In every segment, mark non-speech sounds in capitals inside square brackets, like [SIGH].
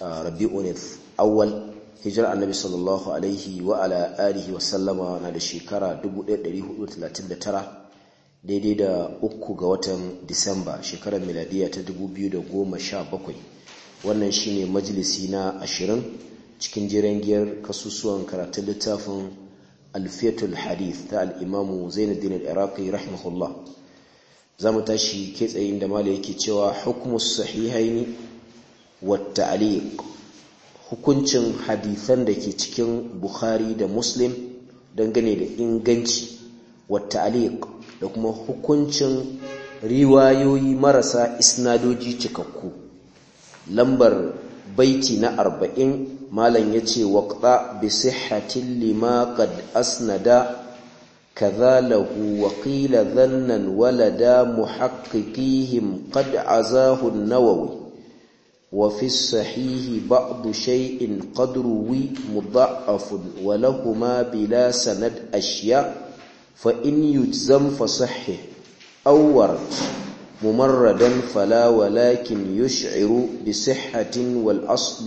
rabi'un awwal hijira annabi sallallahu alaihi wa ala alihi wa sallama na da shekara 1439 daidai da uku ga watan disamba shekarar miladiya ta 2017 wannan shine majalisi na 20 cikin jirangiyar kasusuwan karatun littafin alfiyatul hadith ta al'imamu zainuddin al'iraqi rahimahullah za mu tashi ke tsayin da mala yake cewa hukumus sahihaini والتعليق hukuncin hadisan da ke cikin Bukhari da Muslim dangane da inganci wata ta'liq da kuma hukuncin riwayoyi marasa isnadoji cikakku lambar baiti na 40 malam yace waqta bi sihhatin lima qad asnada kaza lahu wa qila dhannan walada muhaqqiqihim qad azahu an-nawawi وفي الصحيح بعض شيء قد روي مضعف ولهما بلا سند أشياء فإن يجزم فصحه أو ورد ممردا فلا ولكن يشعر بصحة والأصل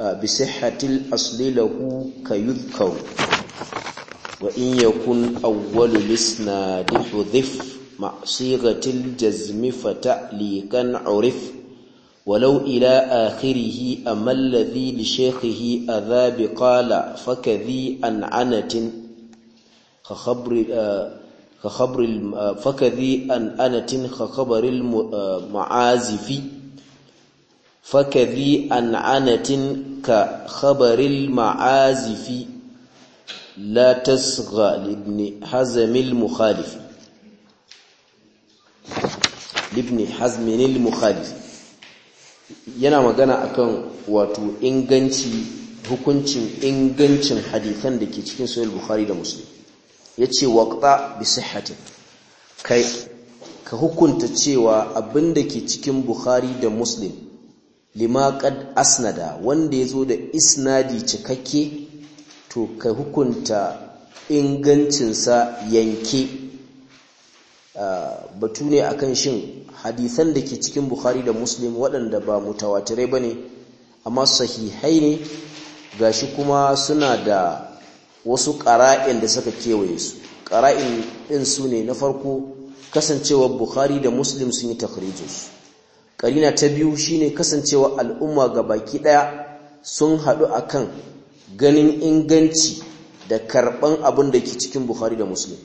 آه، بصحة الأصل له كيذكر وإن يكن أول الإسناد حذف مع صيغة الجزم فتعليقا عرف ولو إلى آخره أما الذي لشيخه أذاب قال فكذي أنعنة كخبر آه، آه، فكذي أنعنة كخبر المعازف آه، فكذي أنعنة كخبر المعازف لا تسغى لابن حزم المخالف لابن حزم المخالف yana magana akan wato inganci hukuncin ingancin hadithan da ke cikin sahih bukhari da muslim yace waqta bi sihhatin kai ka hukunta cewa abinda ke cikin bukhari da muslim lima asnada wanda ya zo da isnadi cikakke to ka hukunta ingancinsa yanke ah, batu ne akan shin hadisan da ke cikin bukhari da muslim waɗanda ba mutawatirai ba ne amma sahihai ne ga shi kuma suna da wasu ƙara'in da suka kewaye su ƙara'in ɗin su ne na farko kasancewa bukhari da muslim sun yi takrijinsu ƙarina ta biyu shine kasancewa al'umma ga baki ɗaya sun haɗu akan ganin inganci da karɓan abin da ke cikin bukhari da muslim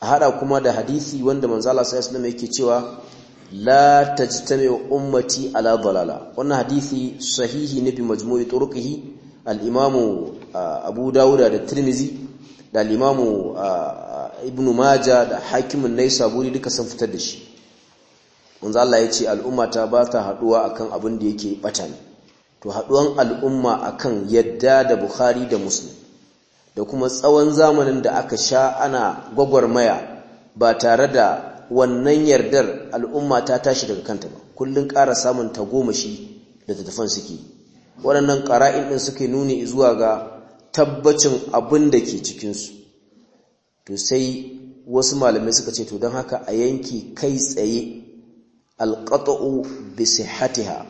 a haɗa kuma da hadisi wanda manzala sai islam yake cewa la tajtami ummati ala dalala wannan hadisi sahihi ne bi majmu'i turuqihi al-imam Abu Dawud da Tirmizi da al-imam Ibn Majah da Hakim an-Naisaburi duka sun fitar da shi manzo Allah yace al'ummata ta ba ta haduwa akan abin da yake batani, to haduwan al'umma akan yadda da Bukhari da Muslim da kuma tsawon zamanin da aka sha ana gwagwarmaya ba tare da wannan yardar al'umma ta tashi daga kanta ba kullun ƙara samun tagomashi da tattafan suke waɗannan ƙara'in ɗin suke nuni zuwa ga tabbacin abin da ke cikinsu to sai wasu malamai suka ce to don haka a yanki kai tsaye alƙata'u bi ha,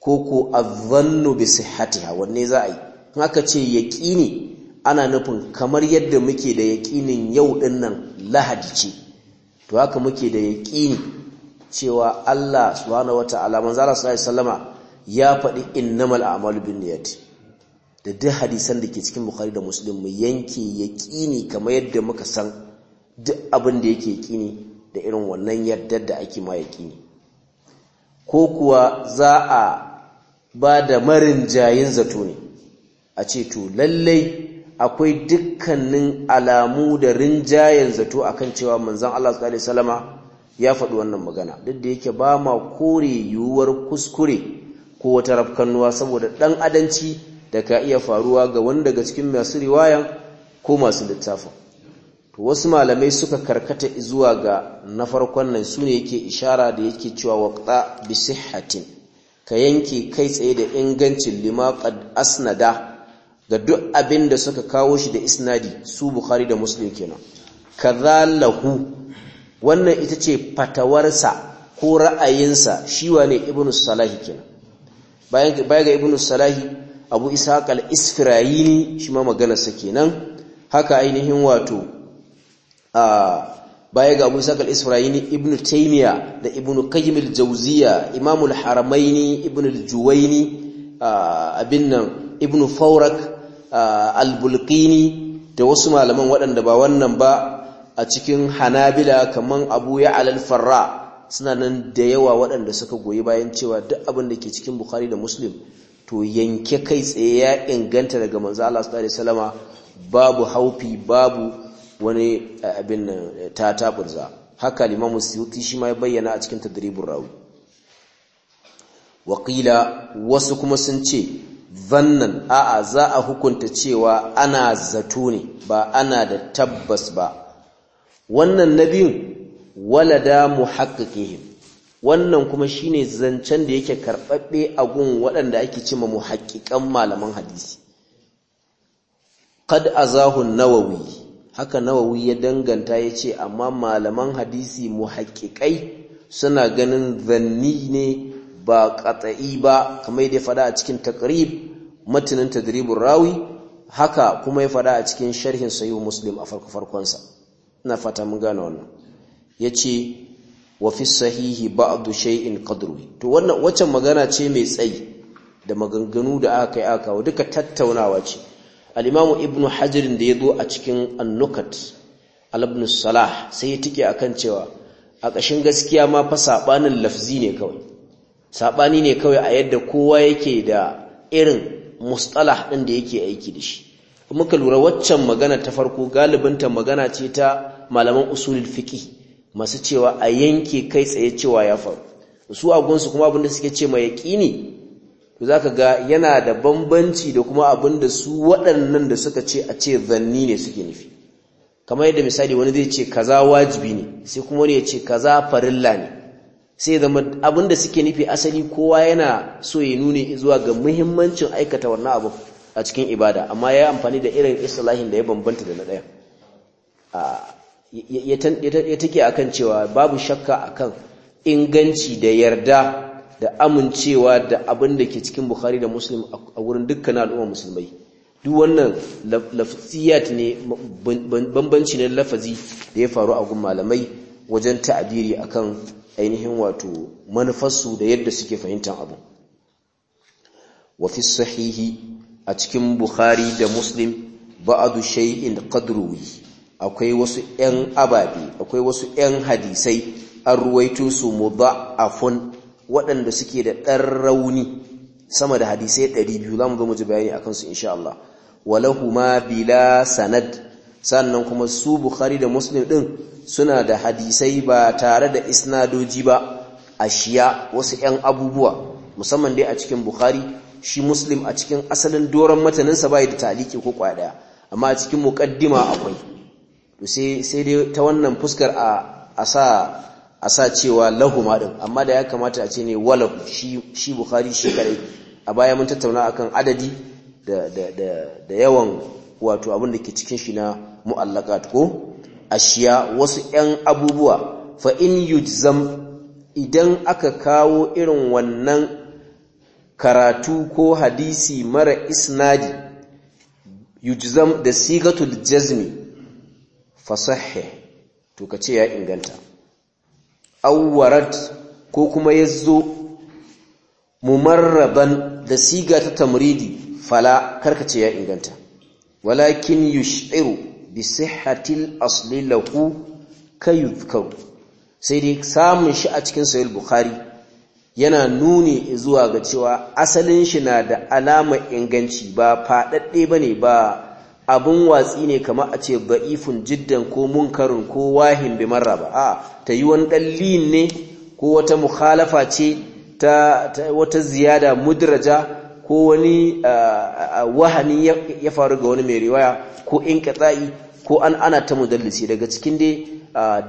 ko ko adhannu bi ha, wanne za a yi in aka ce yaƙini ana nufin kamar yadda muke da yaƙinin yau ɗin nan lahadi ce to haka muke da yaƙini cewa Allah subhanahu wata'ala manzo Allah sallallahu alaihi ya faɗi innamal a'malu binniyati da duk hadisan da ke cikin Bukhari da Muslim mu yanke yaƙini kamar yadda muka san duk abin da yake yaƙini da irin wannan yadda da ake ma yaƙini ko kuwa za a ba da marin jayin zato ne a ce to lallai akwai dukkanin alamu da rinjayen zato akan cewa manzon Allah sallallahu alaihi wasallama ya faɗi wannan magana duk da yake ba ma kore yiwuwar kuskure ko wata rafkannuwa saboda dan adanci da ka iya faruwa ga wanda daga cikin masu riwayan ko masu littafin to wasu malamai suka karkata zuwa ga na farkon nan sune yake ishara da yake cewa waqta bi sihhatin ka yanke kai tsaye da ingancin lima qad asnada da duk abin da suka kawo shi da isnadi su bukhari da muslim kenan kaza wannan ita ce fatawarsa ko ra'ayinsa shi wane ibnu salahi kenan bayan ga ibnu salahi abu ishaq al-isfirayini shi ma maganarsa kenan haka ainihin wato a baya ga Abu ishaq al isfirayini Ibn Taymiya da ibnu Qayyim al-Jawziya imamul haramaini ibnu al-Juwayni abin nan ibnu Fawrak albulkini da wasu malaman waɗanda ba wannan ba a cikin hanabila kamar abu ya alalfarra suna nan da yawa waɗanda suka goyi bayan cewa duk abin da ke cikin bukari da muslim to yanke kai tsaye ya inganta daga manzo Allah sallallahu alaihi babu haufi babu wani abin eh, ta taburza haka limamu suyuti shi ma ya bayyana a cikin tadribur rawi Wakila wasu kuma sun ce zannan a'a za a hukunta cewa ana zato ne ba ana da tabbas ba wannan na biyun walada muhaqqqiqihim wannan kuma shine zancen da yake karɓaɓɓe a gun waɗanda ake mu haƙƙiƙan malaman hadisi Kad azahu nawawi haka nawawi ya danganta ya ce, amma malaman hadisi muhaqqiqai suna ganin zanni ne ba qat'i ba kamar da ya fada a cikin takrib matanin tadribur rawi haka kuma ya fada a cikin sharhin sayyid muslim a farko farkon sa ina fata mun gane wannan yace wa fi sahihi ba'du shay'in qadruhi to wannan wacce magana ce mai tsayi da maganganu da aka yi aka duka tattaunawa ce al-imamu ibnu hajar da yazo a cikin an-nukat al-ibn salah sai ya tike akan cewa a ƙashin gaskiya ma fa sabanin lafzi ne kawai sabani ne kawai a yadda kowa yake da irin mustalah ɗin da yake aiki da shi muka lura waccan magana ta farko galibinta magana ce ta malaman usulul fiqi masu cewa a yanke kai tsaye cewa ya faru su agunsu kuma abinda suke ce mai yaqini to zaka ga yana da bambanci da kuma abinda su waɗannan da suka ce a ce zanni ne suke nufi kamar yadda misali wani zai ce kaza wajibi ne sai kuma wani ya ce kaza farilla ne sai zama abin da suke nufi asali kowa yana so ya nuni zuwa ga muhimmancin aikata wannan abu a cikin ibada amma ya yi amfani da irin islahin da ya bambanta da na ɗaya ya take akan cewa babu shakka akan inganci da yarda da amincewa da abin da ke cikin bukari da muslim a wurin dukkan al'umma musulmai duk wannan lafziyat ne bambanci na lafazi da ya faru a gun malamai wajen ta'adiri akan ainihin wato manufarsu da yadda suke fahimtar abu wa fi sahihi a cikin bukhari da muslim ba'adu shay'in qadruwi akwai wasu 'yan ababe akwai wasu 'yan hadisai an ruwaito su mudha'afun waɗanda suke da ɗan rauni sama da hadisai 200 zamu zo mu ji bayani akan su insha Allah walahu ma bila sanad sannan kuma su bukhari da muslim din suna da hadisai ba tare da isnadoji ba a shiya wasu 'yan abubuwa musamman dai a cikin bukhari shi muslim a cikin asalin doron mataninsa bai da taliki ko kwaya amma a cikin muqaddima akwai to sai dai ta wannan fuskar a asa sa cewa lahuma din amma da ya kamata a ce ne walahu shi shi bukhari shi kare a baya mun tattauna akan adadi da yawan wato abin da ke cikin shi na mu'allaqat ko ashiya wasu 'yan abubuwa fa in yujzam idan aka kawo irin wannan karatu ko hadisi mara isnadi yujzam da sigatul jazmi sahih to kace ya inganta awwarat ko kuma yazo mumarraban da siga ta tamridi fala karkace ya inganta walakin yush'iru بصحه الاصل له كيذكر سيدي sai dai samun shi a cikin sahih bukhari yana nuni zuwa ga cewa asalin shi na da alama inganci ba fadadde bane ba abun watsi ne kamar a ce da'ifun jiddan ko munkarin ko wahin bi marraba a ta yi wani dalli ne ko wata mukhalafa ce ta wata ziyada mudraja ko wani wahani ya faru ga wani mai riwaya ko in katsa'i ko an ana ta mudallisi daga cikin dai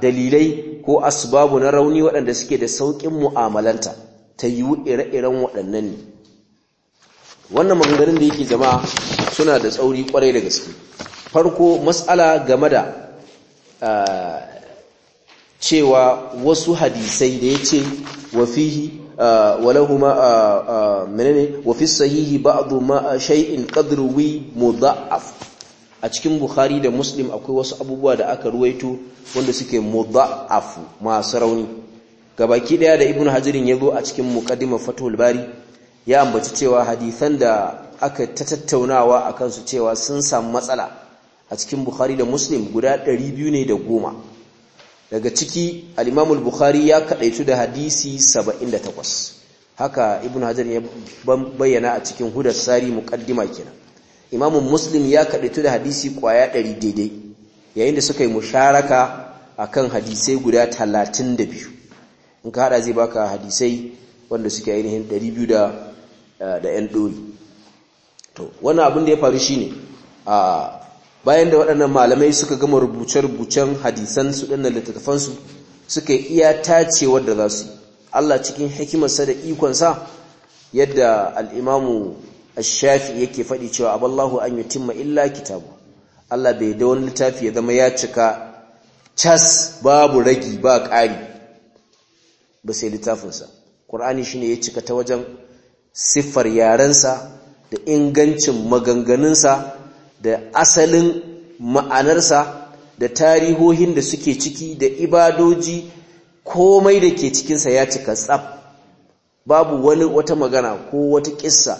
dalilai ko asbabu na rauni waɗanda suke da sauƙin mu'amalanta ta yi ire-iren waɗannan ne wannan maganganun da yake zama suna da tsauri kwarai da gaske farko matsala game da cewa wasu hadisai da ya ce wa ولهما menene وفي الصحيح بعض ما شيء a cikin bukhari da muslim akwai wasu abubuwa da aka ruwaito wanda suke mudha'afu masu rauni gabaki daya da ibnu hajirin yazo a cikin muqaddimah fatul bari ya ambaci cewa hadisan da aka tattaunawa akan su cewa sun samu matsala a cikin bukhari da muslim guda 210 daga ciki al-imamul bukhari ya kaɗaitu da hadisi 78 haka ibnu hajar ya bayyana a cikin hudar sari muƙaddima kenan imamun muslim ya kaɗaitu da hadisi kwaya 100 daidai yayin da suka yi musharaka kan hadisai guda 32 in ka haɗa zai baka hadisai wanda suke ainihin 200 da yan eh, ɗori. to wannan abin da ya faru shi ne. bayan da waɗannan malamai suka gama rubuce-rubucen hadisan su ɗannan littattafansu suka iya tace da za su Allah cikin hikimarsa da ikonsa yadda al'imamu shafi yake faɗi cewa aballahu an yutimma illa kitabu Allah bai da wani littafi ya zama ya cika cas babu ragi ba ƙari ba sai littafinsa ƙur'ani ne ya cika ta wajen siffar yarensa da ingancin maganganunsa da asalin ma'anarsa da tarihohin da suke ciki da ibadoji komai da ke cikinsa ya cika tsab babu wani wata magana ko wata kissa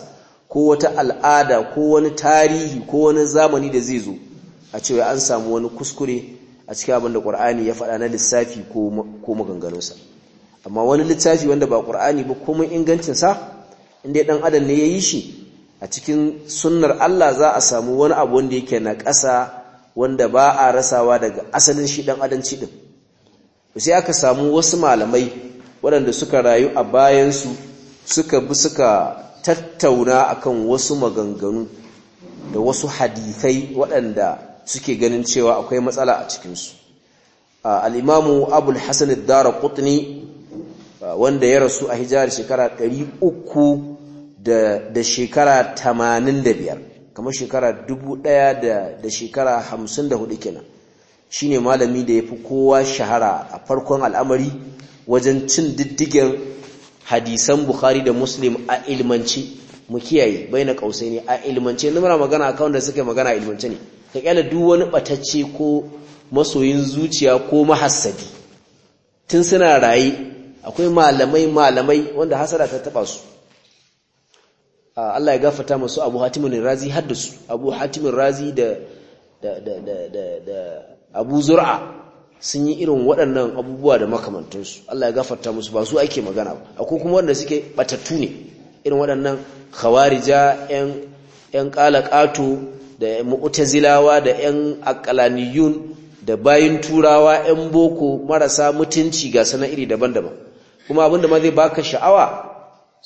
ko wata al'ada ko wani tarihi ko wani zamani da zai zo a cewa an samu wani kuskure a cikin abin da ƙwar'ani ya faɗa na lissafi ko maganganunsa amma wani littafi wanda ba ƙur'ani ba komai ingancinsa inda ɗan adam ne ya yi shi a cikin sunnar Allah za a samu wani abu wanda yake na ƙasa wanda ba a rasawa daga asalin shi ɗan adanci ɗin sai aka samu wasu malamai waɗanda suka rayu a bayansu suka bi suka tattauna akan wasu maganganu da wasu hadithai waɗanda suke ganin cewa akwai matsala a cikinsu al'imamu abul hassan dara kutni wanda ya rasu a hijar shekara 300 da shekara tamanin da biyar kamar shekara dubu ɗaya da shekara hamsin da hudu kenan shine malami da ya fi kowa shahara a farkon al'amari wajen cin diddigen hadisan bukhari da muslim a ilmance. mu kiyaye bai na ƙausai ne a ilmance numara magana akan da suke magana a ilmance ne ka kyala duk wani ɓatacce ko masoyin zuciya ko mahassadi tun suna raye akwai malamai malamai wanda hasara ta taɓa su Ah, Allah ya gafata masu Abu Hatimin Razi haddasu Abu Hatimin Razi da da da Abu Zur'a sun yi irin waɗannan abubuwa da makamantansu Allah ya gafarta musu ba su ake magana ba akwai kuma wanda suke batattu ne irin waɗannan khawarija ƴan ƴan qalaqatu da mu'tazilawa da ƴan aqlaniyun da bayin turawa ƴan boko marasa mutunci ga sana iri daban-daban kuma abinda ma zai baka sha'awa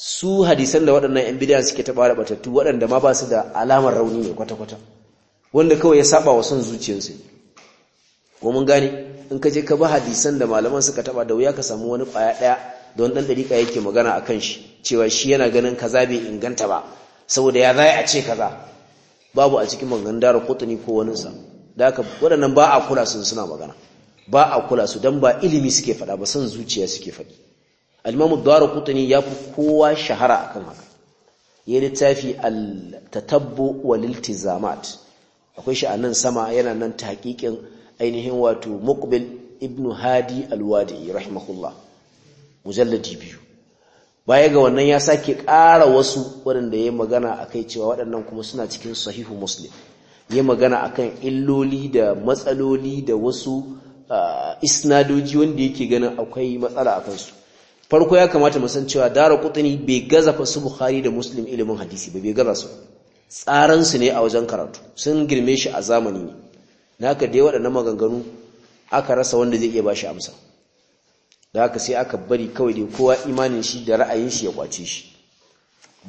su hadisan da waɗannan ‘yan bidiyan suke taɓa da batattu waɗanda ma ba su da alamar rauni ne kwata-kwata wanda kawai ya saba wa son zuciyarsu ko mun gane in ka je ka ba hadisan da malaman suka taɓa da wuya ka samu wani ƙwaya ɗaya da wani ɗan ɗariƙa yake magana a kan shi cewa shi yana ganin kaza bai inganta ba saboda ya zai a ce kaza babu a cikin maganganun dara kotuni ko waninsa da haka waɗannan ba a kula su suna magana ba a kula su don ba ilimi suke faɗa ba son zuciya suke faɗi al-imam ad-darqutni ya fi kowa shahara akan haka ya littafi al-tatabbu wal iltizamat akwai shi anan sama yana nan tahqiqin ainihin wato muqbil ibn hadi al-wadi rahimahullah mujalladi biyu baya ga wannan ya sake ƙara wasu waɗanda ya magana akai cewa waɗannan kuma suna cikin sahihu muslim ya magana akan illoli da matsaloli da wasu ah, isnadoji wanda yake ganin akwai matsala a kansu farko ya kamata mu san cewa dara kutani bai gaza fa su bukhari da muslim ilimin hadisi ba bai gaza su tsaran su ne a wajen karatu sun girme shi a zamani ne naka dai waɗannan maganganu aka rasa wanda zai iya bashi amsa da haka sai aka bari kawai dai kowa imanin shi da ra'ayin shi ya kwace shi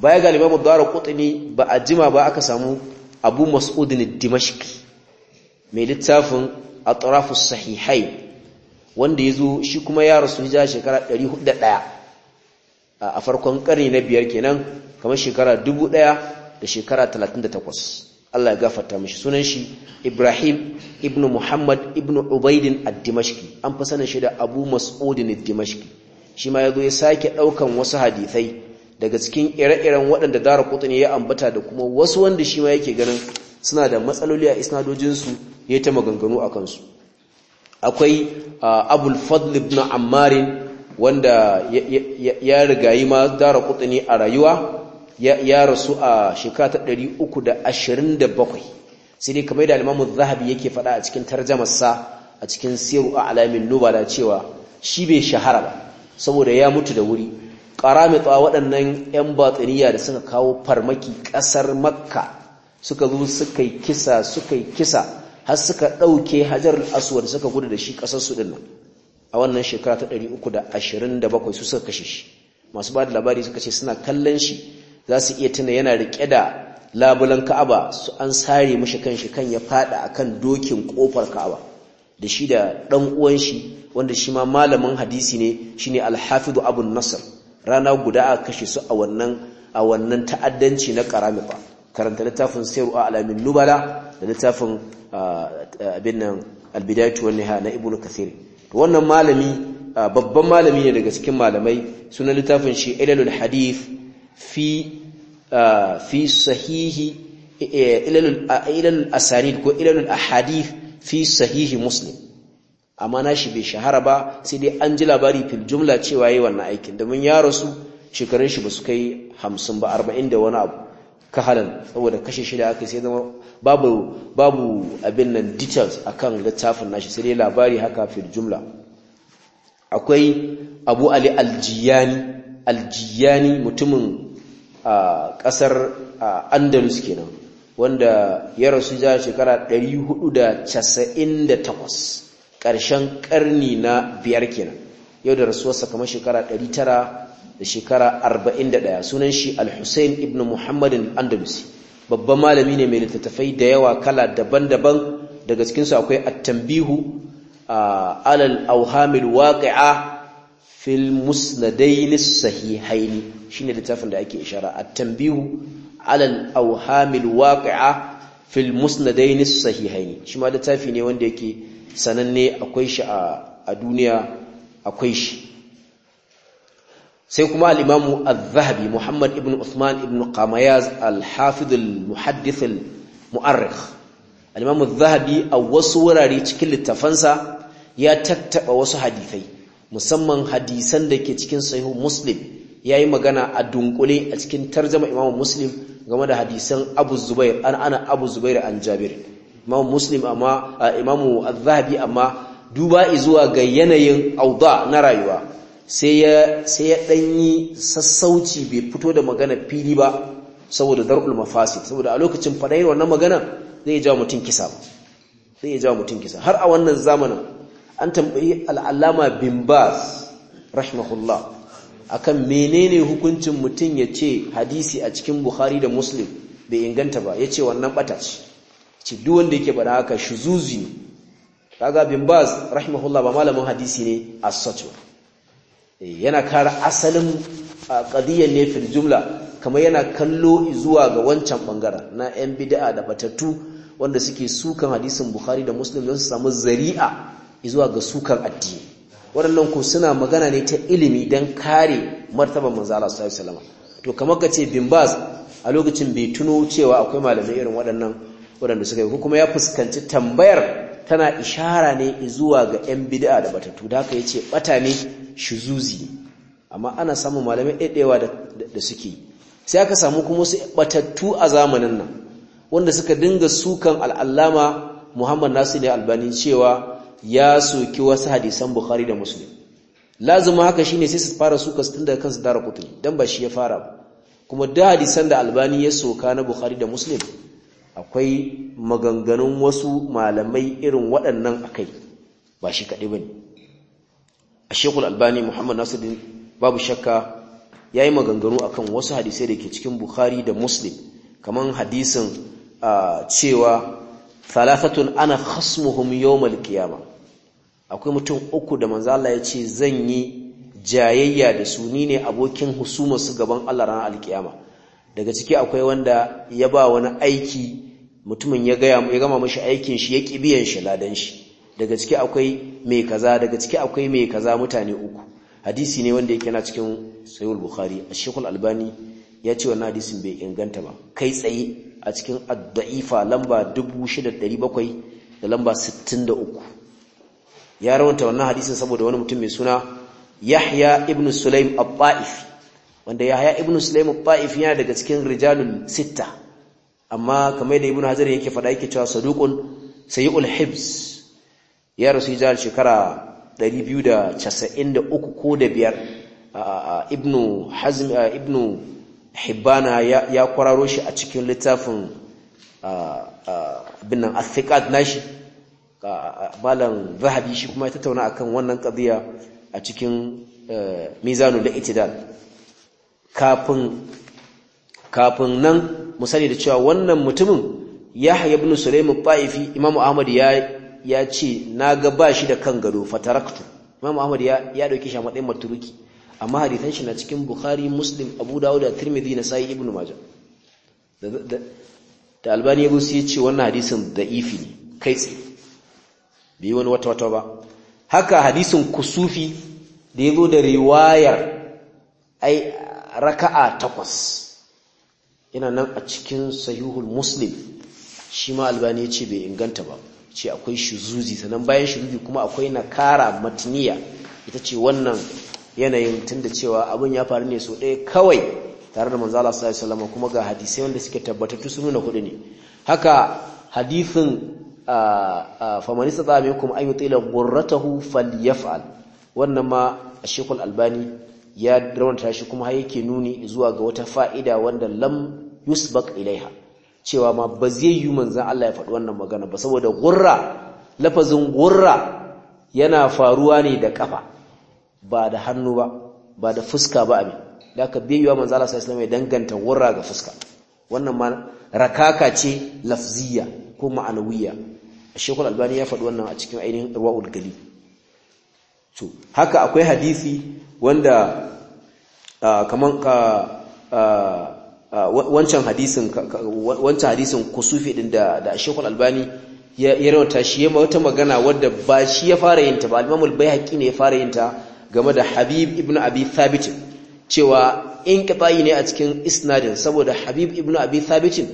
baya galiba mu dara kutani ba a jima ba aka samu abu mas'ud ne dimashki mai littafin atrafus sahihai wanda ya zo shi kuma ya rasu hijira shekara 401 a farkon ƙarni na biyar kenan kamar shekara 1000 da shekara 38 Allah ya gafarta mishi sunan shi Ibrahim ibn Muhammad ibn Ubaidin ad-Dimashqi an fa sanin shi da Abu Mas'udin ad-Dimashqi shi ma zo ya sake daukan wasu hadisai daga cikin ire-iren waɗanda Qutni ya ambata da kuma wasu wanda shi ma yake ganin suna da matsaloli a isnadojin su yayin ta maganganu akan su akwai uh, abul fadl ibn ammar wanda ya rigayi ma dara kutuni a rayuwa ya rasu a shekara ta 327 sai dai kamar da al zahabi yake faɗa a cikin tarjamarsa a cikin siru a alamin nubala cewa shi bai shahara ba saboda ya mutu da wuri ƙaramitsa waɗannan 'yan batsiniya da suka kawo farmaki ƙasar makka suka zo suka yi kisa suka yi kisa har suka ɗauke hajar al'aswar suka gudu da shi kasar su dinnan a wannan shekara ta 327 su suka kashe shi masu ba da labari suka ce suna kallon shi za su iya tuna yana riƙe da labulan ka'aba su an sare mashi kan shi kan ya fada kan dokin kofar ka'aba da shi da ɗan uwan shi wanda shi ma malamin hadisi ne shine ne alhafidu abu nasar rana guda a kashe su a wannan ta'addanci na karamifa karanta littafin sayru alamin nubala da littafin abin nan albidayatu wan ha na ibnu kathir to wannan malami babban malami ne daga cikin malamai sunan littafin shi ilalul hadith fi fi sahihi e, ilalul ilalul ko ilalul ahadith fi sahihi muslim amma nashi bai shahara ba sai dai an ji labari fil jumla cewa yayi wannan aikin domin ya rasu shekarun shi ba su kai hamsin ba arba'in da wani abu kahalan saboda kashe shi da aka sai zama babu babu abin nan details akan littafin nashi sai dai labari haka fil jumla akwai Abu Ali Aljiyani Aljiyani mutumin a kasar Andalus kenan wanda ya rasu ja shekara 498 ƙarshen karni na biyar kenan yau da rasuwarsa kamar shekara 900 da shekara 41 sunan shi al-Husayn ibn Muhammad al-Andalusi babban malami ne mai littattafai da yawa kala daban-daban daga cikin su akwai at-tanbihu alal awhamil waqi'a fil musnadayn as-sahihayn shine littafin da ake ishara at-tanbihu alal auhamil waqi'a fil musnadayn as-sahihayn shi ma littafi ne wanda yake sananne akwai shi a duniya akwai shi sai kuma al'imamu al-zahabi muhammad ibn usman ibn qamayaz al-hafidh al mu'arrik. Al'imamu al zahabi a wasu wurare cikin littafansa ya tattaɓa wasu hadisai musamman hadisan da ke cikin sahihu muslim yi magana a dunkule a cikin tarjama, imamu muslim game da hadisan abu zubair an ana abu zubair an jabir imamu muslim amma imamu al-zahabi amma duba zuwa ga yanayin auda na rayuwa sai ya sai ya danyi sassauci bai fito da magana fili ba saboda darul mafasid saboda a lokacin fadayar wannan magana zai jawo mutun kisa zai jawo mutun kisa har a wannan zamanin an tambayi al-allama bin baz rahimahullah akan menene hukuncin mutun ce hadisi a cikin bukhari da muslim bai inganta ba yace wannan bata ce duk wanda yake bada haka shuzuzi kaga bin baz rahimahullah ba malamin hadisi ne as ba. Eh, yana kara asalin qadiyyar ne jumla kamar yana kallo zuwa ga wancan bangaren na yan bida'a da batattu wanda suke sukan hadisin bukhari da muslim don su samu zari'a zuwa ga sukan addini waɗannan ku suna magana ne ta ilimi don kare martaban manzala su haifu salama to kamar ka ce Bimbaz a lokacin bai tuno cewa akwai malamai irin waɗannan waɗanda suka yi kuma ya fuskanci tambayar tana ishara ne zuwa ga 'yan bid'a da batattu da haka ce bata ne shuzuzi amma ana samun malamai ɗaiɗewa da suke sai aka samu kuma su batattu a zamanin nan wanda suka dinga sukan al'allama Muhammad Nasir Albani cewa ya soki wasu hadisan Bukhari da Muslim lazuma haka shine sai su fara suka tun daga kansu dara kutu dan ba shi ya fara ba kuma da hadisan da Albani ya soka na Bukhari da Muslim akwai maganganun wasu malamai irin waɗannan akai ba shi kaɗi ba ne a shekul albani muhammad nasiruddin babu shakka ya yi maganganu akan wasu hadisai da ke cikin bukhari da muslim kamar hadisin cewa thalathatun ana khasmuhum yawmal qiyamah akwai mutum uku da manzo ya ce zan yi jayayya da su ne abokin su gaban Allah ranar alkiyama daga ciki akwai wanda ya ba wani aiki mutumin ya gaya ya gama mashi aikin shi ya kibiyan shi ladan shi daga ciki akwai mai kaza daga ciki akwai mai kaza mutane uku hadisi ne wanda yake na cikin sayul bukhari shekul albani ya ce wannan hadisin bai inganta ba kai tsaye a cikin adda'ifa lamba 6700 da lamba 63 ya rawanta wannan hadisin saboda wani mutum mai suna Yahya ibn Sulaim al wanda yahya ibn sulaim ta'if yana daga cikin rijalun sitta amma kamar da ibn hazar yake faɗa yake cewa saduqun sayyul hibs ya rasu jihar shekara 293 ko da biyar ibn hazm ibn hibbana ya kwararo shi a cikin littafin binnan athiqat nashi malam zahabi shi kuma ya tattauna akan wannan qadiya a cikin eh, mizanul itidal kafin nan mu sani da cewa wannan mutumin Yahya ibn Sulaym al-Ta'ifi Imam Ahmad ya ya ce ga ba shi da kan gado fataraktu Imam Ahmad ya ya dauke shi a matsayin maturuki amma hadisan shi na cikin Bukhari Muslim Abu Dawud da Tirmidhi na sai Ibn Majah da Albani ya ya ce wannan hadisin da'ifi ne kai tsi. bai wani wata wata ba haka hadisin kusufi da yazo da riwayar ai raka'a takwas yana nan a cikin sahihul muslim shi ma albani ce bai inganta ba ce akwai shuzuzi sannan bayan shuzuzi kuma akwai na kara matiniya ita ce wannan yanayin tunda cewa abin ya faru ne so ɗaya kawai tare da manzala sallallahu alaihi kuma ga hadisai wanda suke tabbatattu sun nuna kudi ne haka hadifin famanista ta minkum ayyutila gurratahu falyaf'al wannan ma a shekul albani ya raunta shi kuma har yake nuni zuwa ga wata fa'ida wanda lam yusbaq ilaiha cewa ma ba zai yi manzan Allah ya faɗi wannan magana ba saboda gurra lafazin gurra yana faruwa ne da kafa ba da hannu ba ba da fuska ba abin da aka biyewa manzan Allah sallallahu alaihi wasallam ya danganta gurra ga fuska wannan ma rakaka ce lafziya ko ma'anawiya Sheikhul Albani ya faɗi wannan a cikin ainihin ruwa Galil to haka akwai hadisi wanda kaman ka wancan hadisin wancan hadisin kusufi din da da Sheikhul Albani ya rawata shi yayin wata magana wadda ba shi ya fara yin ta ba Imam Al-Baihaqi ne ya fara yin ta game da Habib ibn Abi Thabit cewa in kifayi ne a cikin isnadin saboda Habib ibn Abi Thabit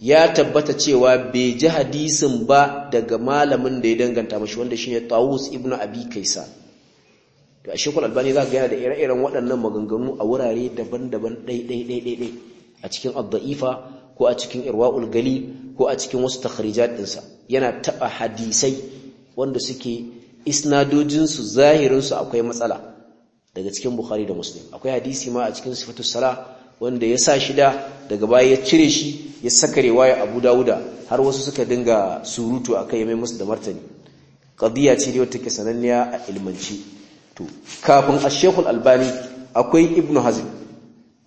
ya tabbata cewa bai ji hadisin ba daga malamin da ya danganta mashi wanda shine Tawus ibn Abi Kaisan to a shekul albani za ga yana da ire-iren waɗannan maganganu a wurare daban-daban ɗai-ɗai-ɗai a cikin adda'ifa ko a cikin irwa'ul gali ko a cikin wasu takharijat ɗinsa yana taɓa hadisai wanda suke isnadojinsu zahirinsu akwai matsala daga cikin bukhari da muslim akwai hadisi ma a cikin sifatus sala wanda ya sa shida daga baya ya cire shi ya saka ya abu dawuda har wasu suka dinga surutu akai mai musu da martani qadiya ce da wata ke sananniya a ilmanci to kafin ashekul albani akwai ibnu hazm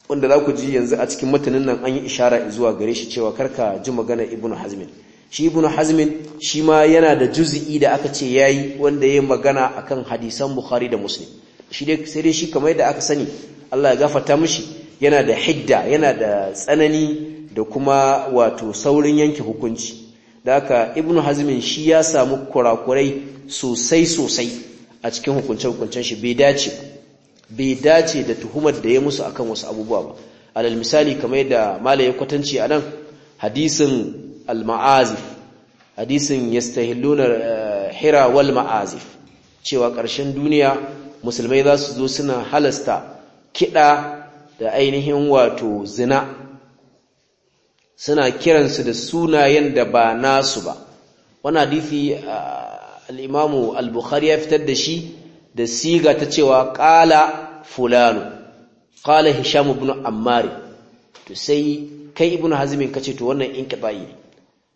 wanda za ku ji yanzu a cikin matanin nan an yi ishara zuwa gare shi cewa karka ji magana ibnu hazmin shi ibnu hazmin shi ma yana da juzi'i da aka ce ya yi wanda yayi magana a kan hadisan bukhari da muslim shi dai sai dai shi kamar yadda aka sani Allah ya gafarta mishi yana da hidda yana da tsanani da kuma wato saurin yanke hukunci da haka ibnu hazmin shi ya samu kurakurai sosai sosai a cikin hukunce-hukuncen shi bai dace bai dace da tuhumar da ya musu akan wasu abubuwa ba alal misali kamar da malaye kwatanci a nan hadisin al-ma'azif hadisin yastahilluna eh, hira wal ma'azif cewa ƙarshen duniya musulmai za su zo suna halasta kiɗa da ainihin wato zina suna kiransu da sunayen da ba nasu ba wani hadisi. Ah, al'imamu al-bukhari ya fitar da shi da siga ta cewa ƙala fulano ƙala hisham ibn ammari to sai kai ibn ka kace to wannan in kibayi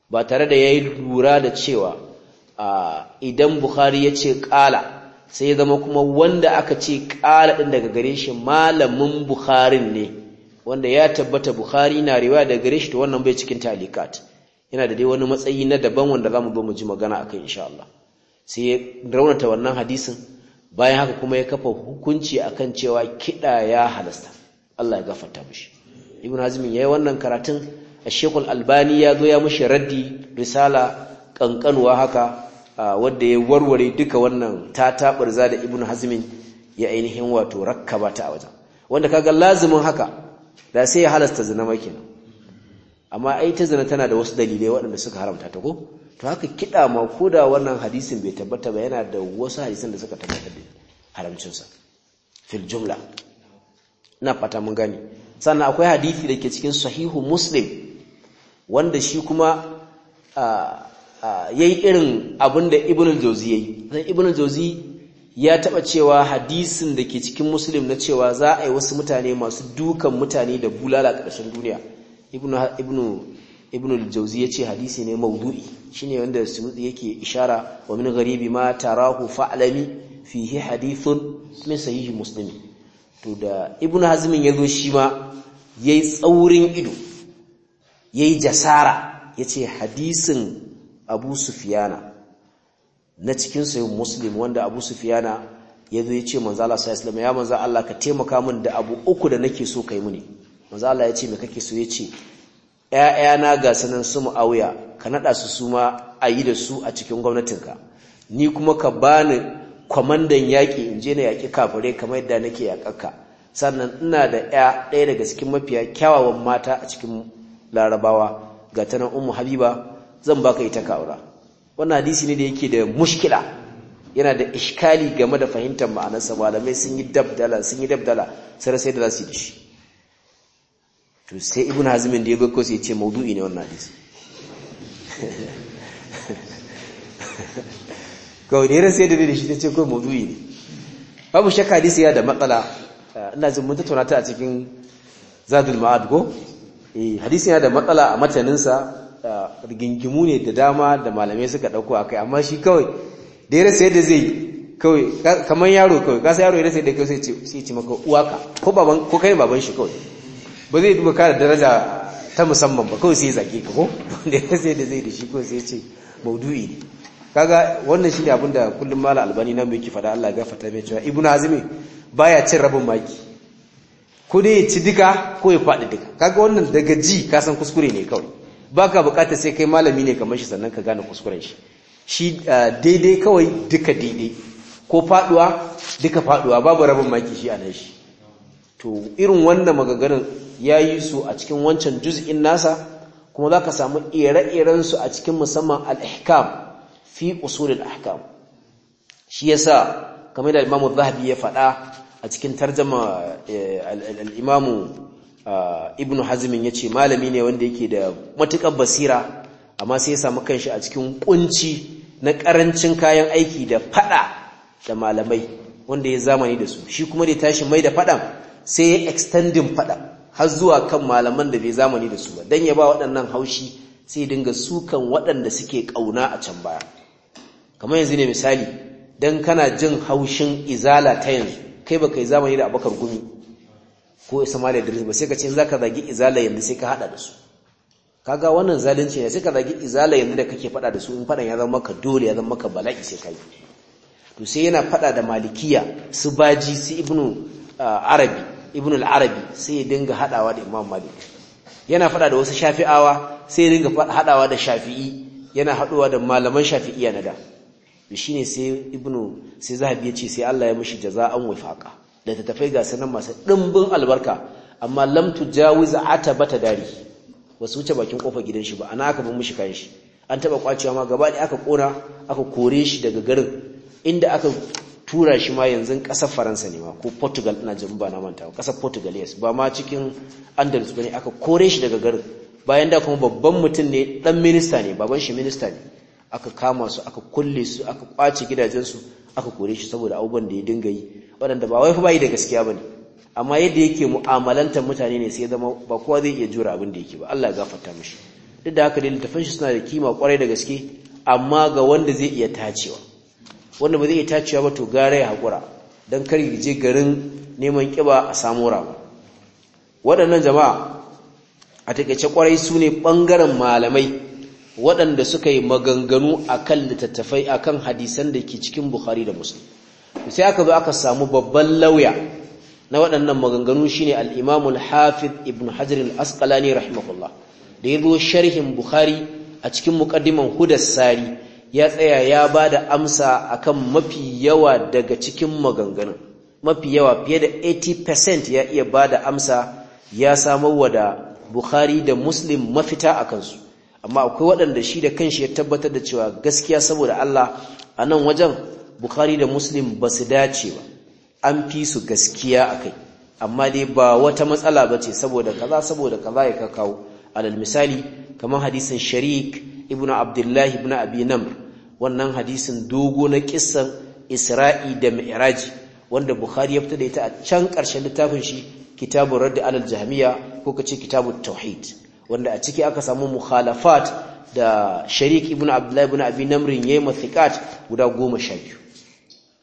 ba tare da yayi lura da cewa idan bukhari ya ce ƙala sai ya zama kuma wanda aka ce ƙala ɗin daga gare shi malamin bukharin ne wanda ya tabbata bukhari na riwaya daga gare shi to wannan bai cikin talikat yana da dai wani matsayi na daban wanda za mu zo mu ji magana akan insha Allah sai ya raunata wannan hadisin bayan haka kuma ya kafa hukunci akan cewa kiɗa ya halasta Allah ya gafarta mishi ibn ya yayi wannan karatun ash-shaykh al-albani ya zo ya mishi raddi risala kankanuwa haka wanda ya warware duka wannan tatabarza da ibn hazm ya ainihin wato rakkabata a wajen wanda kaga lazimin haka da sai ya halasta zina kenan. amma ai ta zina tana da wasu dalilai waɗanda suka haramta ta ko to haka kiɗa ma ko da wannan hadisin bai tabbata ba yana da wasu hadisan da suka tabbatar da haramcinsa fil jumla ina fata mun gani sannan akwai hadisi da ke cikin sahihu muslim wanda shi kuma ya yi irin abin da ibnul jauzi ya yi zan ibnul ya taɓa cewa hadisin da ke cikin muslim na cewa za a yi wasu mutane masu dukan mutane da bulala ƙarshen duniya ibnu ibnu al-jawzi yace hadisi ne mawdu'i shine wanda suyuti yake ishara wa min gharibi ma tarahu fa'lami fihi hadithun min sahih muslim to da ibnu hazmin yazo shi ma yayi tsaurin ido yayi jasara yace hadisin abu sufyana na cikin sahih muslim wanda abu sufyana yazo yace manzo Allah sallallahu alaihi wasallam ya manzo Allah ka taimaka min da abu uku da nake so kai muni manzo Allah ya ce me kake so ya ce na ga sanan su mu'awiya ka naɗa su su ma a yi da su a cikin gwamnatinka ni kuma ka bani kwamandan yaƙi in je na yaƙi ka kamar yadda nake yaƙarka sannan ina da ‘ya ɗaya daga cikin mafiya kyawawan mata a cikin larabawa ga ta nan habiba zan baka ita ka aura wannan hadisi ne da yake da mushkila yana da ishkali game da fahimtar ma'anarsa malamai sun yi dabdala sun yi dabdala sai sai da za su yi da to sai ibn hazmin da ya bako sai ya ce maudu'i ne wannan hadisi kawai ne ran sai da dare shi ta ce ko maudu'i ne babu shakka hadisi ya da matsala ina jin mun tattauna ta a cikin zadul ma'ad ko eh hadisi ya da matsala a mataninsa rigingimu ne da dama da malamai suka dauko akai amma shi kawai da ya rasa yadda zai kawai kamar yaro kawai kasa yaro ya rasa yadda kawai sai ce maka uwaka ko baban ko kai baban shi kawai ba zai duba kada daraja ta musamman ba kawai sai ya zage ka ko wanda ya sai da zai da shi ko sai ya ce maudu'i ne kaga wannan ne abin da kullum mala albani na mai fada Allah ya fata mai cewa ibnu azmi baya cin rabin maki ko dai ya ci duka ko ya faɗi duka kaga wannan daga ji kasan san kuskure ne kawai baka bukata sai kai malami ne kamar shi sannan ka gane kuskuren shi shi daidai kawai duka daidai ko faduwa duka faduwa babu rabin maki shi a nan shi to irin wannan magagarin ya yi su a cikin wancan juz'in nasa kuma za ka samu ire-irensu a cikin musamman al'ihkam fi usulin ahkam shi ya sa kame da imamu zahabi ya faɗa a cikin tarjama eh, al'imamu eh, ibn Hazimin ya ce malami ne wanda yake da matuƙar basira amma sai ya samu kan shi a cikin ƙunci na ƙarancin kayan aiki da faɗa da malamai wanda ya zamani da su shi kuma da tashi mai da faɗan sai ya extending faɗan har zuwa kan malaman da bai zamani da su ba don ya ba waɗannan haushi sai dinga sukan waɗanda suke ƙauna a can baya kamar yanzu ne misali don kana jin haushin izala ta yanzu kai baka yi zamani da abokan Gumi ko Ismail Idris ba sai ka ce ka zagi izala yanzu sai ka haɗa da su ga wannan zalunci ne sai ka zagi izala yanzu da kake faɗa da su in faɗan ya zama maka dole ya zama maka bala'i sai kai to sai yana faɗa da malikiya su baji su ibnu ah, arabi ibn al-arabi sai ya dinga hadawa da imam malik yana fada da wasu shafi'awa sai ya dinga hadawa da shafi'i yana haduwa da malaman shafi'iya na da shine sai ibn sai zahabi ya ce sai Allah ya mishi jaza'an wifaqa da ta tafai ga sanan masu dimbin albarka amma lam tujawiz atabata dari wasu wuce bakin kofar gidan shi ba ana aka bin mishi kanshi shi an taba kwacewa ma gaba aka kora aka kore shi daga garin inda aka tura shi ma yanzu ƙasar faransa ne ma ko portugal ina jin ba na manta ƙasar portugal yes ba ma cikin andalus ba ne aka kore shi daga garin bayan da kuma babban mutum ne dan minista ne baban shi minista ne aka kama su aka kulle su aka kwace gidajensu aka kore shi saboda abubuwan da ya dinga yi waɗanda ba wai fa bayi da gaskiya ne amma yadda yake mu'amalantar mutane ne sai zama ba kowa zai iya jura abin da yake ba Allah ya gafarta mishi duk da haka dai littafin shi suna da kima kwarai da gaske amma ga wanda zai iya tacewa wanda ba zai iya tacewa ba to gara ya haƙura don kar yi je garin neman ƙiba a samu rama waɗannan jama'a a takaice kwarai su ne ɓangaren malamai waɗanda suka yi maganganu akan kan littattafai a hadisan da ke cikin bukhari da muslim sai aka zo aka samu babban lauya na waɗannan maganganu shine al hafiz ibn hajar al'asƙalani rahimahullah da ya zo sharhin bukhari a cikin muƙaddiman hudassari sari ya tsaya ya ba da amsa akan mafi yawa daga cikin maganganun mafi yawa fiye da 80% ya iya ba da amsa ya samarwa da buhari da muslim mafita a kansu amma akwai waɗanda shi da kanshi ya tabbatar da cewa gaskiya saboda allah a nan wajen bukhari da muslim ba su dace ba an fi su gaskiya a kai amma dai ba wata matsala ba ce saboda kaza saboda kaza ya kawo alal misali kamar hadisin sharik ibnu abdullahi ibnu abi namr wannan hadisin dogo na kissan isra'i da mi'raji wanda bukhari ya fita da ita a can ƙarshen littafin shi kitabun radd alal jahmiya ko kace kitabut tauhid wanda a ciki aka samu mukhalafat da sharik ibnu abdullahi ibnu abi namr yayi mathiqat guda 12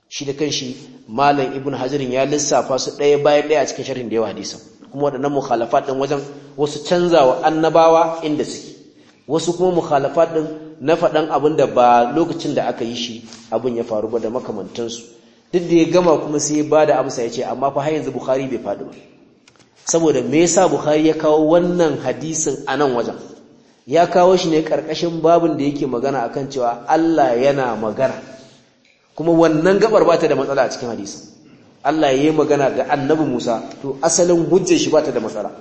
shi da kanshi malam ibnu hajarin ya lissafa su ɗaya bayan ɗaya a cikin sharhin da yawa hadisin kuma waɗannan mukhalafat ɗin wajen wasu canzawa annabawa inda suke wasu kuma mukhalafa din na faɗan abin da ba lokacin da aka yi shi abin ya faru ba da makamantansu duk da ya gama kuma sai ya bada amsa ya ce amma fa har yanzu bukhari bai faɗi ba saboda me yasa bukhari ya kawo wannan hadisin a nan wajen ya kawo shi ne karkashin babin da yake magana akan cewa Allah yana magana kuma wannan gabar ba ta da matsala a cikin hadisin Allah ya yi magana ga annabi Musa to asalin hujjar shi ba ta da matsala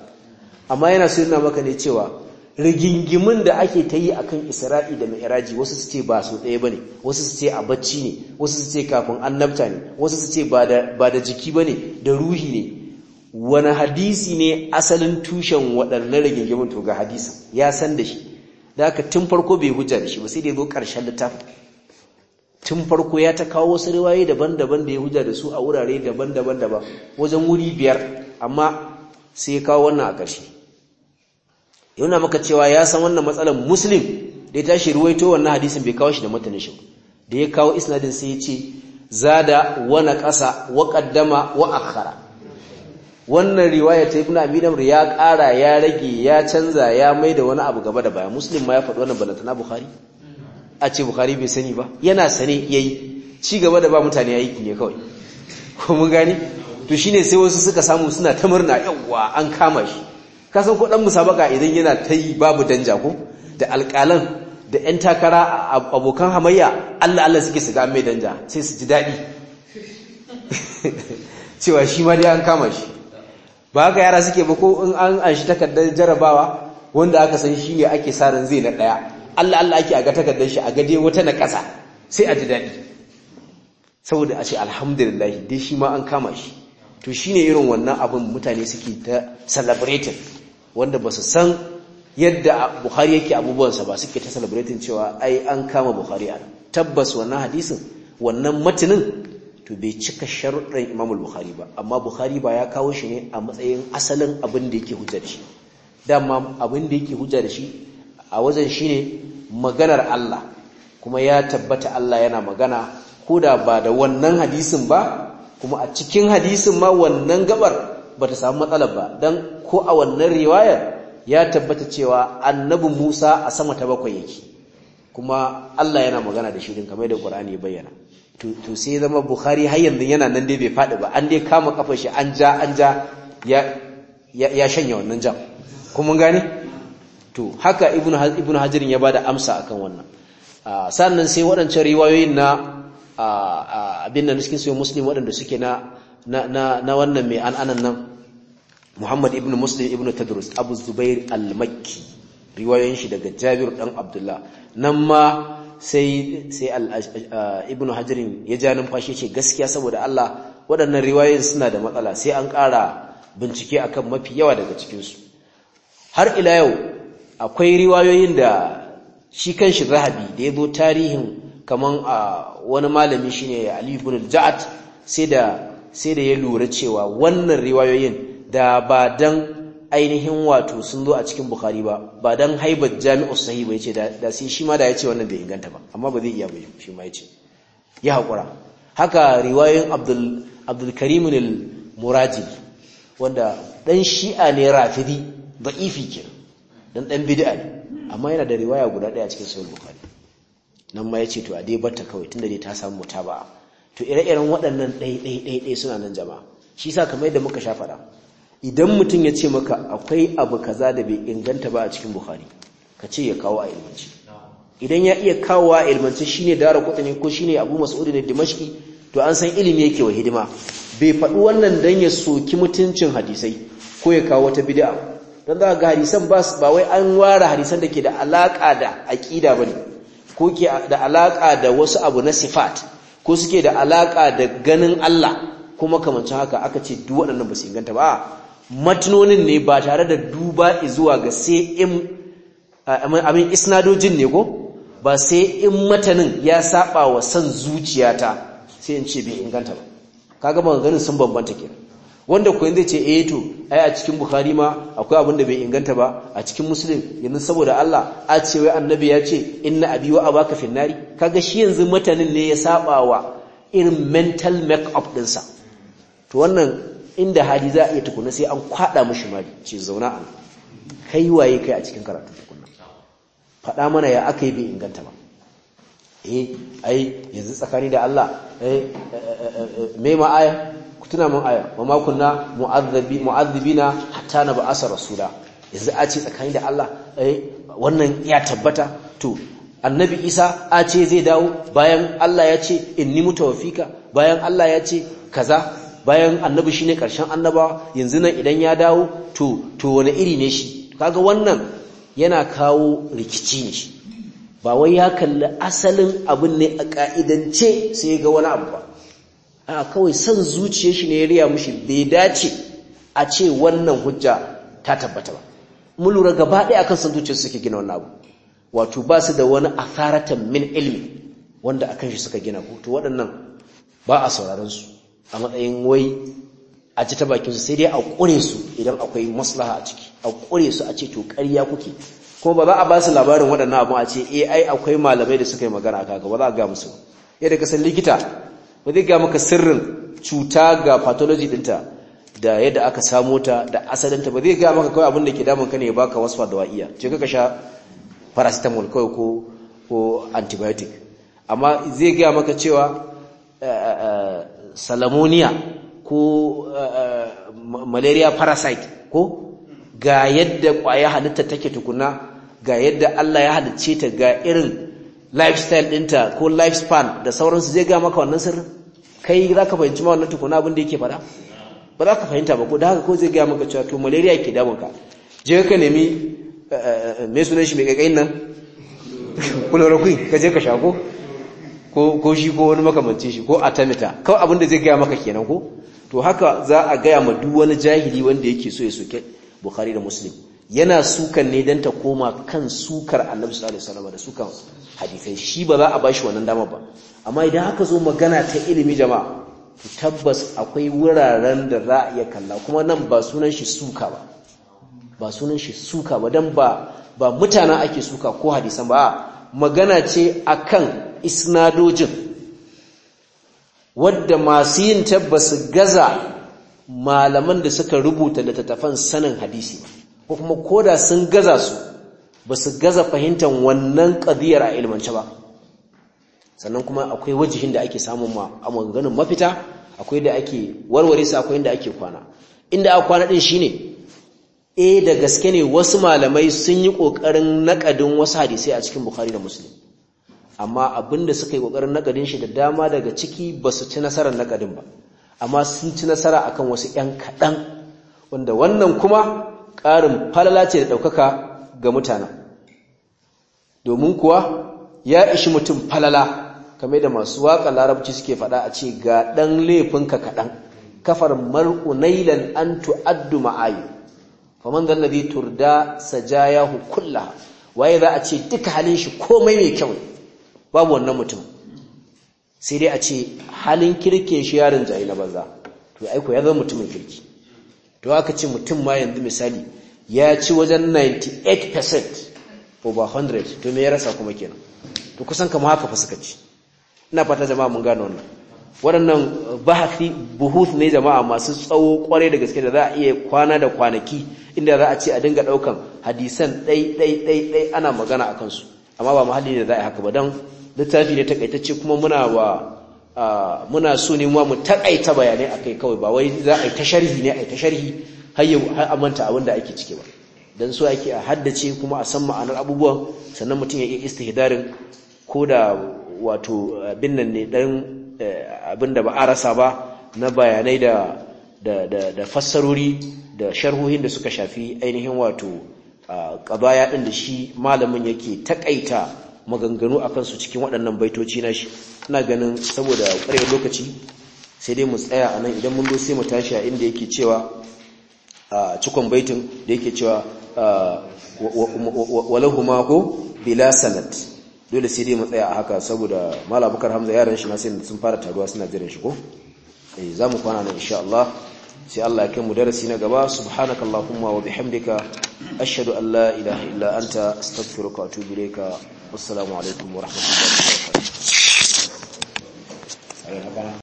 amma yana so maka ne cewa rigingimin da ake ta yi a kan isra'i da ma'iraji, wasu su ce ba su ɗaya ba ne, wasu su ce a bacci ne wasu su ce kafin annabta ne wasu su ce ba da jiki ba ne, da ruhi ne wani hadisi ne asalin tushen waɗannan rigingimin to ga hadisa? ya san da shi da haka tun farko bai hujja da shi ba sai da ya zo ƙarshen littafin tun farko ya ta kawo wasu riwaye daban-daban da ya hujja da su a wurare daban-daban daban wajen wuri biyar amma sai ya kawo wannan a ƙarshe yana maka cewa ya san wannan matsalar muslim da ya tashi ruwaito wannan hadisin bai kawo shi da matanin shi da ya kawo isnadin sai ya ce zada wa ƙasa wa qaddama wa akhara wannan riwaya ta ibnu abi damr ya ƙara ya rage ya canza ya maida wani abu gaba da baya muslim ma ya faɗi wannan balantana bukhari a ce bukhari bai sani ba yana sane yayi ci gaba da ba mutane yi ne kawai ko mun gani to shine sai wasu suka samu suna ta murna yawa an kama shi kasan ko musabaka idan yana ta yi babu danja ko da alƙalan da yan takara abokan hamayya Allah Allah suke su mai danja sai su ji daɗi [LAUGHS] cewa shi ma dai an kama shi ba haka yara suke ba ko in an an shi takardar jarabawa wanda aka san shi ne ake sa ran zai na ɗaya Allah Allah ake a ga takardar shi a ga dai wata na ƙasa sai a ji daɗi saboda a ce alhamdulillah dai shi ma an kama shi to shine irin wannan abin mutane suke ta celebrating wanda ba su san yadda buhari yake abubuwansa ba suke ta celebrating cewa ai an kama buhari a tabbas wannan hadisin wannan matinin to bai cika sharuɗin imamul buhari ba amma buhari ba ya kawo shi ne a matsayin asalin abin da yake hujja da shi dama abin da yake hujja da shi a wajen shi ne maganar allah kuma ya tabbata allah yana magana ko da ba da wannan hadisin ba kuma a cikin hadisin ma wannan gabar bata samu matsalar ba don ko a wannan riwayar ya tabbata cewa annabi Musa a sama ta bakwai yake kuma Allah yana magana da shirin, kamar da Qur'ani bayyana to sai zama Bukhari har yanzu yana nan dai bai faɗi ba an dai kama kafar shi an ja an ja ya shanya wannan jam kuma gane to haka Ibn hajjirin ya ya bada amsa akan wannan sannan sai waɗancan riwayoyin na abin da nuskin su muslim waɗanda suke na na wannan mai al'anan nan Muhammad ibn Muslim ibn Tadrus Abu Zubair al-Makki riwayoyin shi daga Jabir dan Abdullah nan ma sai sai uh, ibn Hajarin ya ja numfashi ce gaskiya saboda Allah waɗannan riwayoyin suna da matsala sai an ƙara bincike akan mafi yawa daga cikin su har ila yau akwai riwayoyin da shi kanshi Zahabi da yazo tarihin kamar uh, wani malami shine Ali ibn al sai da sai da ya lura cewa wannan riwayoyin da ba dan ainihin wato sun zo a cikin bukhari ba ba dan haibar jami'u sahih ba yace da sai shi ma da yace wannan bai inganta ba amma ba zai iya ba shi ma yace ya hakura haka riwayoyin abdul abdul karim wanda ɗan shi'a ne rafidi da'ifi ke dan dan bid'a ne amma yana da riwaya guda daya cikin sahih bukhari nan ma yace to a dai batta kawai tunda dai ta samu mutaba'a to ire-iren waɗannan ɗaiɗaiɗaiɗai suna nan jama'a shi sa kamar yadda muka shafara idan mutum ya ce maka akwai abu kaza da bai inganta ba a cikin buhari ka ce ya kawo a ilmanci idan ya iya kawo a ilmanci ne dara kwatanni ko shine abu mas'ud ne dimashki to an san ilimi yake wa hidima bai faɗi wannan dan ya soki mutuncin hadisai ko ya kawo wata bid'a Don za ga hadisan ba ba wai an ware hadisan da ke da alaƙa da aƙida ba ne ko ke da alaƙa da wasu abu na sifat ko suke da alaka da ganin Allah kuma kamancin haka aka ce duk waɗannan ba su inganta ba matnonin ne ba tare da duba zuwa ga sai in eh, amin isnadojin ne ko ba sai in matanin ya saba wa san zuciyata sai in ce bai inganta ba kaga ganin sun bambanta kenan wanda ko zai ce eh to ai a cikin bukhari ma akwai abin da bai inganta ba a cikin muslim yanzu saboda Allah a ce wai annabi ya ce inna abi wa abaka finnari kaga shi yanzu matanin ne ya wa irin mental make up dinsa to wannan inda hali za a iya tukuna sai an kwada mishi mari ce zauna an kai waye kai a cikin karatu tukuna faɗa mana ya aka bai inganta ba eh ai yanzu tsakani da Allah eh, eh, eh, eh me ku tuna mun aya wa ma kunna mu'azzabi mu'azzibina hatta na ba'asa rasula yanzu a ce tsakanin da Allah eh wannan ya tabbata to annabi Isa a ce zai dawo bayan Allah ya ce inni mutawfika bayan Allah ya ce kaza bayan annabi shine karshen annabawa yanzu nan idan ya dawo to to wani iri ne shi kaga wannan yana kawo rikici ne shi. ba wai ya kalli asalin abin ne a ka'idance sai ga wani abu ba a kawai san zuciyar shi ne riya mushi bai dace a ce wannan hujja ta tabbata ba mun lura gaba ɗaya akan san zuciyar suke gina wannan abu wato ba su da wani asaratan min ilmi wanda akan shi suka gina to waɗannan ba a sauraron su a matsayin wai a ci ta bakin su sai dai a ƙure su idan akwai maslaha a ciki a ƙure su a ce to ƙarya kuke kuma ba za a ba su labarin waɗannan abu a ce eh, ai akwai malamai da suka yi magana kaga ba za a ga musu yadda kasan likita ba zai gaya maka sirrin cuta ga pathology dinta da yadda aka samo ta da asalinta ba zai gaya maka kawai abin da ke damun ka ne ya baka wasfa da wa'iya ce kaka sha paracetamol kawai ko ko antibiotic amma zai gaya maka cewa eh, eh, eh, salamoniya ko malaria parasite ko ga yadda kwaya halitta take tukuna ga yadda Allah ya halicce ta ga irin lifestyle dinta ko lifespan da sauransu zai gaya maka wannan sirrin kai za ka fahimci ma wannan tukuna abin da yake fara ba za ka fahimta ba ko da haka ko zai gaya maka cewa to malaria ke ka je ka nemi eh, eh, mai sunan shi mai kakain nan kulorokin ka je ka sha ko ko shi ko wani makamancin shi ko tamita kawai abin da zai gaya maka kenan ko to haka za a gaya ma duk wani jahili wanda yake so ya soke bukhari da muslim yana sukan ne don ta koma kan sukar annabi sallallahu alaihi wasallam da sukan hadisai shi ba za a bashi wannan dama ba amma idan aka zo magana ta ilimi jama'a ta tabbas akwai wuraren da za a iya kalla kuma nan ba sunan shi suka ba ba sunan shi suka ba dan ba ba mutana ake suka ko hadisan ba magana ce akan isnadojin wadda masu yin tabbas gaza malaman da suka rubuta littattafan sanin hadisi ko kuma koda sun gaza su ba su gaza fahimtar wannan ƙadiyar a ilmance ba sannan kuma akwai wajihin da ake samun ma a maganganun mafita akwai da ake warware su akwai inda ake kwana inda akwana kwana din shine e da gaske ne wasu malamai sun yi kokarin nakadin wasu hadisai a cikin bukari da musulun amma abinda suka yi kokarin nakadin shi da dama daga ciki ba su ci nasarar nakadin ba amma sun ci nasara akan wasu 'yan kaɗan wanda wannan kuma ƙarin falala ce da ɗaukaka ga mutanen domin kuwa ya ishi mutum falala kame da masu waƙa larabci suke faɗa a ce ga ɗan laifinka kaɗan kafar mar'u an tu'addu ma'ayi faman zan alladhi turda sajaya kullaha waye za a ce duka halin shi komai mai kyau babu wannan mutum sai dai a ce halin kirkin shi yarin jayi na banza to ya aiko ya zama mutumin kirki to aka ce mutum ma yanzu misali ya ci wajen 98% over 100 to me ya rasa kuma kenan to kusan kama haka fa suka ci ina fata jama'a mun gano wannan waɗannan bahasi buhuth ne jama'a masu tsawo kwarai da gaske da za a iya kwana da kwanaki inda za a ce a dinga ɗaukan hadisan ɗai ɗai ɗai ɗai ana magana a kansu amma ba muhalli ne da za a yi haka ba don littafi ne takaitacce kuma muna wa Ah, muna so ne mu takaita bayanai akai kawai ba wai za a yi tasharhi ne a yi tasharhi? har yau har amanta abin da ake cike ba dan so ake a haddace kuma a san ma'anar abubuwan sannan mutum ya yi istihdarin ko da wato bin nan ne dan eh, abin da ba a rasa ba na bayanai da da da, da fassarori da sharhohin da suka shafi ainihin wato ah, ƙabaya ɗin da shi malamin yake takaita maganganu kan su cikin waɗannan baitoci na shi ina ganin saboda ƙwarewa lokaci sai dai mu tsaya a nan idan mun zo sai mu tashi a inda yake cewa a cikon baitin da yake cewa walahu ko bila sanad dole sai dai mu tsaya a haka saboda mala bukar hamza yaran shi na sai sun fara taruwa suna jiran shi ko eh za mu kwana nan insha Allah sai Allah ya kai mu darasi na gaba subhanakallahumma wa bihamdika ashhadu an la ilaha illa anta astaghfiruka wa atubu ilayka assalamu alaikum wa rahmatullahi